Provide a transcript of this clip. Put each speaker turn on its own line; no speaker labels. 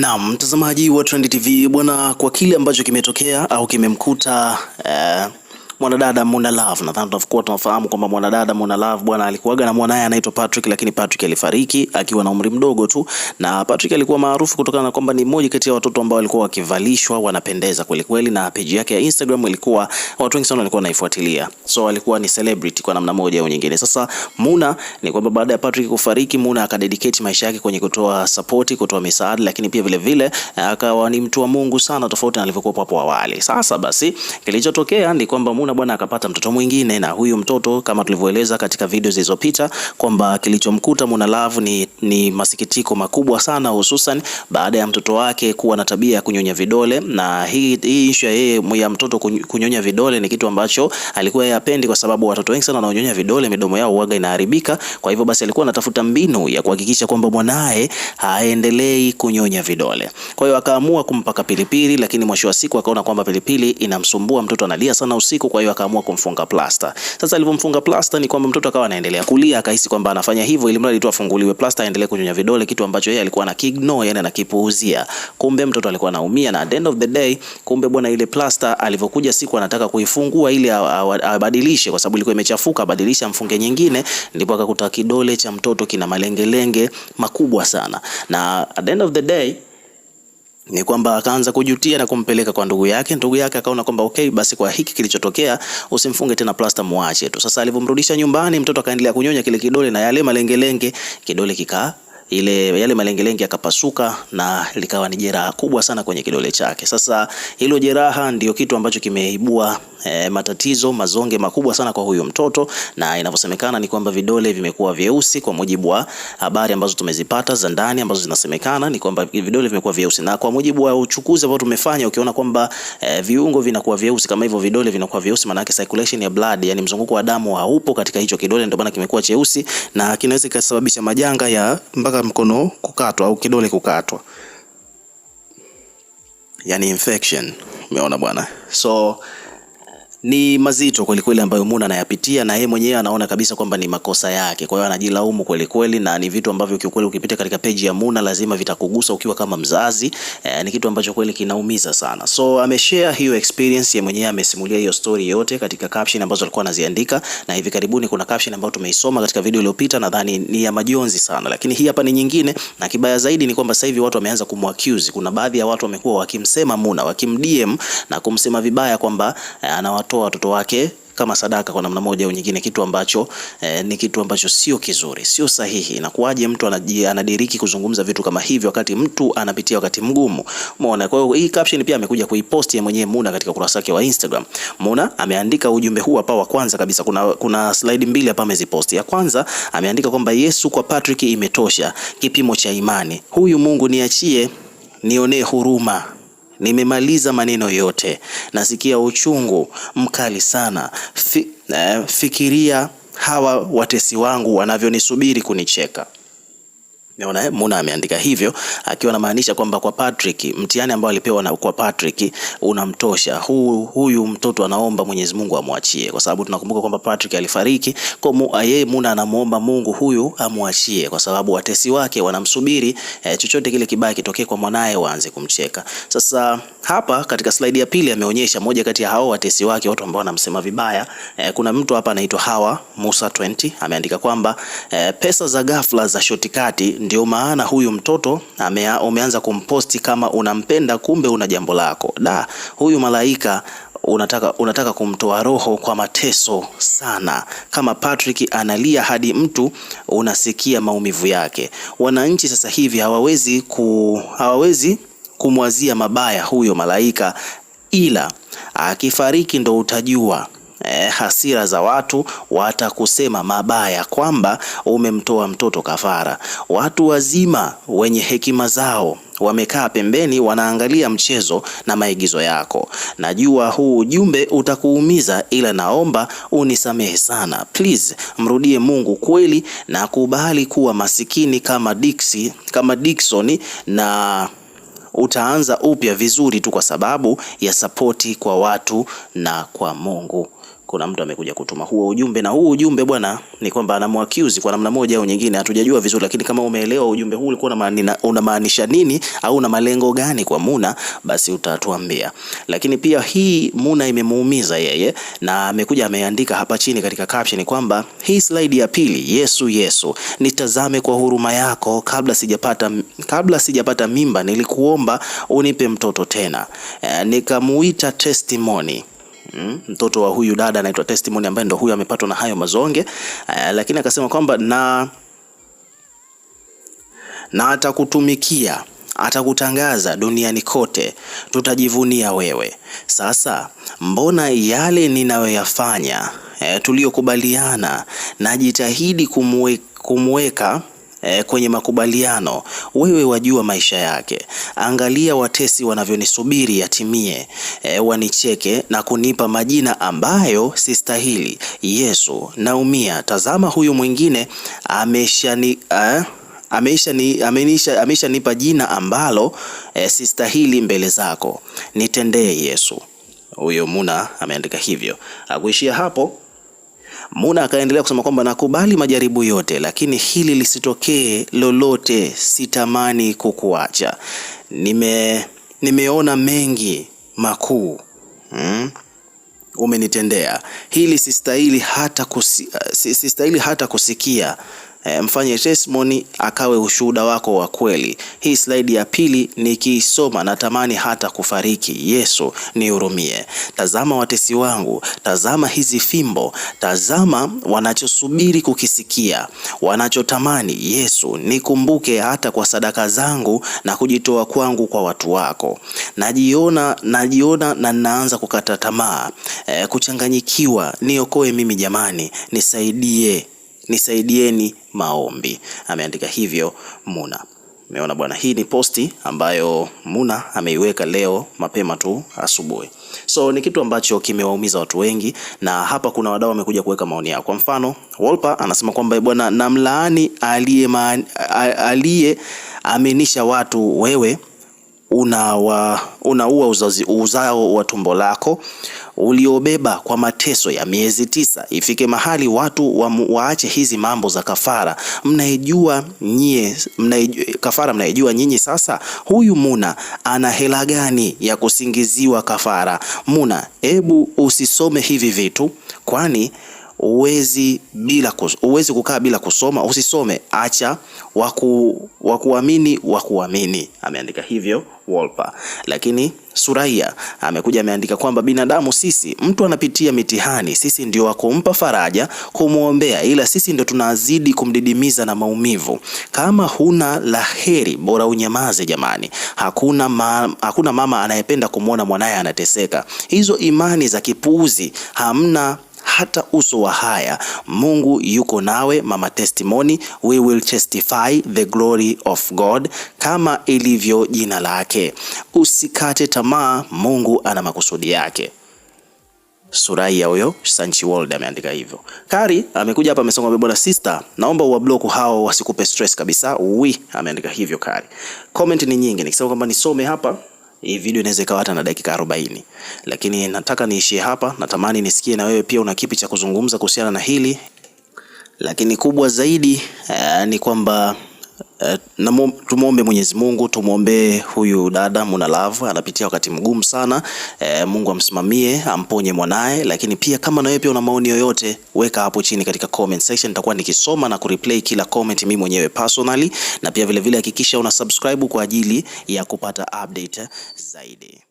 Na mtazamaji wa Trend TV bwana, kwa kile ambacho kimetokea au kimemkuta eh, mwanadada Muna Love. Nadhani tutakuwa tunafahamu kwamba mwanadada Muna Love bwana alikuwaga na mwanaye anaitwa Patrick, lakini Patrick alifariki akiwa na umri mdogo tu, na Patrick alikuwa maarufu kutokana na kwamba ni mmoja kati ya watoto ambao walikuwa wakivalishwa wanapendeza kweli kweli, na page yake ya Instagram ilikuwa watu wengi sana walikuwa wanaifuatilia, so alikuwa ni celebrity kwa namna moja au nyingine. Sasa Muna ni kwamba baada ya Patrick kufariki, Muna akadedicate maisha yake kwenye kutoa support, kutoa misaada, lakini pia vile vile akawa ni mtu wa Mungu sana, tofauti na alivyokuwa hapo awali. Sasa basi kilichotokea ni kwamba Mauna bwana akapata mtoto mwingine, na huyu mtoto kama tulivyoeleza katika video zilizopita kwamba kilichomkuta Mauna Love ni, ni masikitiko makubwa sana, hususan baada ya mtoto wake kuwa na tabia ya kunyonya vidole, na hii hii issue yeye ya mtoto kunyonya vidole ni kitu ambacho alikuwa yapendi, kwa sababu watoto wengi sana wanaonyonya vidole midomo yao huaga inaharibika. Kwa hivyo basi alikuwa anatafuta mbinu ya kuhakikisha kwamba mwanae haendelei kunyonya vidole, kwa hiyo akaamua kumpaka pilipili, lakini mwisho wa siku akaona kwamba pilipili inamsumbua mtoto, analia sana usiku kwa kwa hiyo akaamua kumfunga plasta. Sasa alivyomfunga plasta ni kwamba mtoto akawa anaendelea kulia, akahisi kwamba anafanya hivyo ili mradi tu afunguliwe plasta aendelee kunyonya vidole, kitu ambacho yeye alikuwa anakiignore, yani anakipuuzia. Kumbe mtoto alikuwa anaumia, na at the end of the day, kumbe bwana, ile plasta alivyokuja siku anataka kuifungua ili abadilishe, kwa sababu ilikuwa imechafuka, abadilishe amfunge nyingine, ndipo akakuta kidole cha mtoto kina malengelenge makubwa sana na at the end of the day ni kwamba akaanza kujutia na kumpeleka kwa ndugu yake. Ndugu yake akaona kwamba okay, basi kwa hiki kilichotokea usimfunge tena plasta, muache tu. Sasa alivyomrudisha nyumbani, mtoto akaendelea kunyonya kile kidole na yale malengelenge, kidole kikaa ile yale malengelenge yakapasuka na likawa ni jeraha kubwa sana kwenye kidole chake. Sasa hilo jeraha ndio kitu ambacho kimeibua e, matatizo mazonge makubwa sana kwa huyu mtoto, na inavyosemekana ni kwamba vidole vimekuwa vyeusi. Kwa mujibu wa habari ambazo tumezipata za ndani ambazo zinasemekana ni kwamba vidole vimekuwa vyeusi, na kwa mujibu wa uchukuzi ambao tumefanya, ukiona kwamba e, viungo vinakuwa vyeusi kama hivyo, vidole vinakuwa vyeusi, maana yake circulation ya blood, yani mzunguko wa damu haupo katika hicho kidole, ndio maana kimekuwa cheusi na kinaweza kusababisha majanga ya mpaka mpaka mkono kukatwa au kidole kukatwa, yani infection. Umeona bwana, so ni mazito kweli kweli ambayo Muna anayapitia na yeye mwenyewe anaona kabisa kwamba ni makosa yake. Kwa hiyo anajilaumu kweli kweli na ni vitu ambavyo kiukweli ukipita katika peji ya Muna lazima vitakugusa ukiwa kama mzazi E, ni kitu ambacho kweli kinaumiza sana. So ameshare hiyo experience, yeye mwenyewe amesimulia hiyo story yote katika caption ambazo alikuwa anaziandika, na hivi karibuni kuna caption ambayo tumeisoma katika video iliyopita, nadhani ni ya majonzi sana, lakini hii hapa ni nyingine, na kibaya zaidi ni kwamba sasa hivi watu wameanza kumwaccuse. Kuna baadhi ya watu wamekuwa wakimsema Muna, wakimdm na kumsema vibaya kwamba eh, kuwatoa watoto wake kama sadaka kwa namna moja au nyingine, kitu ambacho eh, ni kitu ambacho sio kizuri, sio sahihi. Inakuwaje mtu anadiriki kuzungumza vitu kama hivyo wakati mtu anapitia wakati mgumu? Umeona? Kwa hiyo hii caption pia amekuja kuipost yeye mwenyewe Muna katika ukurasa wake wa Instagram. Muna ameandika ujumbe huu hapa wa kwanza kabisa, kuna, kuna slide mbili hapa amezipost. Ya kwanza ameandika kwamba Yesu kwa Patrick imetosha, kipimo cha imani. Huyu Mungu niachie, nionee huruma. Nimemaliza maneno yote, nasikia uchungu mkali sana. Eh, fikiria hawa watesi wangu wanavyonisubiri kunicheka. Unaona, eh, Muna ameandika hivyo akiwa anamaanisha kwamba kwa Patrick mtihani ambao alipewa na kwa Patrick unamtosha. Huu, huyu mtoto anaomba Mwenyezi Mungu amwachie, kwa sababu tunakumbuka kwamba Patrick alifariki, kwa mu, eh, yeye Muna anamuomba Mungu huyu amwachie, kwa sababu watesi wake wanamsubiri eh, chochote kile kibaya kitokee kwa mwanaye waanze kumcheka. Sasa hapa katika slide ya pili ameonyesha moja kati ya hao watesi wake, watu ambao wanamsema vibaya eh, kuna mtu hapa anaitwa Hawa Musa 20 ameandika kwamba eh, pesa za ghafla za shortcut ndio maana huyu mtoto amea, umeanza kumposti kama unampenda, kumbe una jambo lako. Da, huyu malaika unataka, unataka kumtoa roho kwa mateso sana. Kama Patrick analia hadi mtu unasikia maumivu yake. Wananchi sasa hivi hawawezi, ku, hawawezi kumwazia mabaya huyo malaika, ila akifariki ndo utajua eh, hasira za watu watakusema mabaya kwamba umemtoa mtoto kafara. Watu wazima wenye hekima zao wamekaa pembeni wanaangalia mchezo na maigizo yako. Najua huu ujumbe utakuumiza, ila naomba unisamehe sana please. Mrudie Mungu kweli na kubali kuwa masikini kama Dixi, kama Dixon na utaanza upya vizuri tu kwa sababu ya sapoti kwa watu na kwa Mungu kuna mtu amekuja kutuma huo ujumbe, na huu ujumbe bwana ni kwamba anamwaccuse kwa namna moja au nyingine, hatujajua vizuri, lakini kama umeelewa ujumbe huu ulikuwa unamaanisha nini au una malengo gani kwa Muna, basi utatuambia. Lakini pia hii Muna imemuumiza yeye, na amekuja ameandika hapa chini katika caption kwamba hii slide ya pili, Yesu Yesu, nitazame kwa huruma yako, kabla sijapata kabla sijapata mimba nilikuomba unipe mtoto tena, e, nikamuita testimony mm, mtoto wa huyu dada anaitwa Testimony ambaye ndo huyu amepatwa na hayo mazonge uh, lakini akasema kwamba na na atakutumikia atakutangaza duniani kote, tutajivunia wewe. Sasa mbona yale ninayoyafanya, e, tuliyokubaliana, najitahidi kumwe, kumweka eh, kwenye makubaliano, wewe wajua maisha yake. Angalia watesi wanavyonisubiri yatimie, eh, wanicheke na kunipa majina ambayo sistahili. Yesu, naumia. Tazama huyu mwingine ameshani eh, ameisha ni, amenisha, ameisha nipa jina ambalo eh, sistahili mbele zako. Nitendee Yesu. Huyo Muna ameandika hivyo. Akuishia hapo Muna akaendelea kusema kwamba nakubali majaribu yote, lakini hili lisitokee lolote. Sitamani kukuacha, nime nimeona mengi makuu hmm? Umenitendea hili sistahili hata, kusi, uh, sistahili hata kusikia. Eh, mfanye testimony akawe ushuhuda wako wa kweli. Hii slide ya pili nikiisoma natamani hata kufariki. Yesu nihurumie. Tazama watesi wangu, tazama hizi fimbo, tazama wanachosubiri kukisikia, wanachotamani. Yesu nikumbuke hata kwa sadaka zangu na kujitoa kwangu kwa watu wako. Najiona, najiona na naanza kukata tamaa, e, kuchanganyikiwa. Niokoe mimi jamani, nisaidie nisaidieni maombi. Ameandika hivyo Muna. Umeona bwana, hii ni posti ambayo Muna ameiweka leo mapema tu asubuhi. So ni kitu ambacho kimewaumiza watu wengi, na hapa kuna wadau wamekuja kuweka maoni yao. Kwa mfano, Wolper anasema kwamba eh, bwana, namlaani aliye aliye amenisha watu wewe unaua una uzazi uzao wa tumbo lako uliobeba kwa mateso ya miezi tisa. Ifike mahali watu wa, waache hizi mambo za kafara mnaijua nyie, mnaijua, kafara mnaijua nyinyi. Sasa huyu Muna ana hela gani ya kusingiziwa kafara? Muna, ebu usisome hivi vitu kwani uwezi bila uwezi kukaa bila kusoma, usisome, acha waku wakuamini wakuamini. Ameandika hivyo Wolper. Lakini Suraiya amekuja ameandika kwamba binadamu sisi, mtu anapitia mitihani, sisi ndio wakumpa faraja, kumwombea, ila sisi ndio tunazidi kumdidimiza na maumivu. Kama huna laheri, bora unyamaze jamani. Hakuna, ma, hakuna mama anayependa kumwona mwanaye anateseka. Hizo imani za kipuuzi hamna hata uso wa haya. Mungu yuko nawe, mama testimony, we will testify the glory of God, kama ilivyo jina lake. Usikate tamaa, Mungu ana makusudi yake. Suraiya huyo Sanchi World ameandika hivyo. Kari amekuja hapa amesonga mbona sister, naomba uwablock hao wasikupe stress kabisa. Wi ameandika hivyo Kari. Comment ni nyingi, nikisema kwamba nisome hapa hii video inaweza ikawa hata na dakika 40, lakini nataka niishie hapa. Natamani nisikie na wewe pia una kipi cha kuzungumza kuhusiana na hili, lakini kubwa zaidi uh, ni kwamba uh, na tumwombe Mwenyezi Mungu, tumwombee huyu dada Muna Love, anapitia wakati mgumu sana e, Mungu amsimamie amponye mwanaye. Lakini pia kama na wewe pia una maoni yoyote, weka hapo chini katika comment section, nitakuwa nikisoma na kureplay kila comment mimi mwenyewe personally, na pia vilevile hakikisha una subscribe kwa ajili ya kupata update zaidi.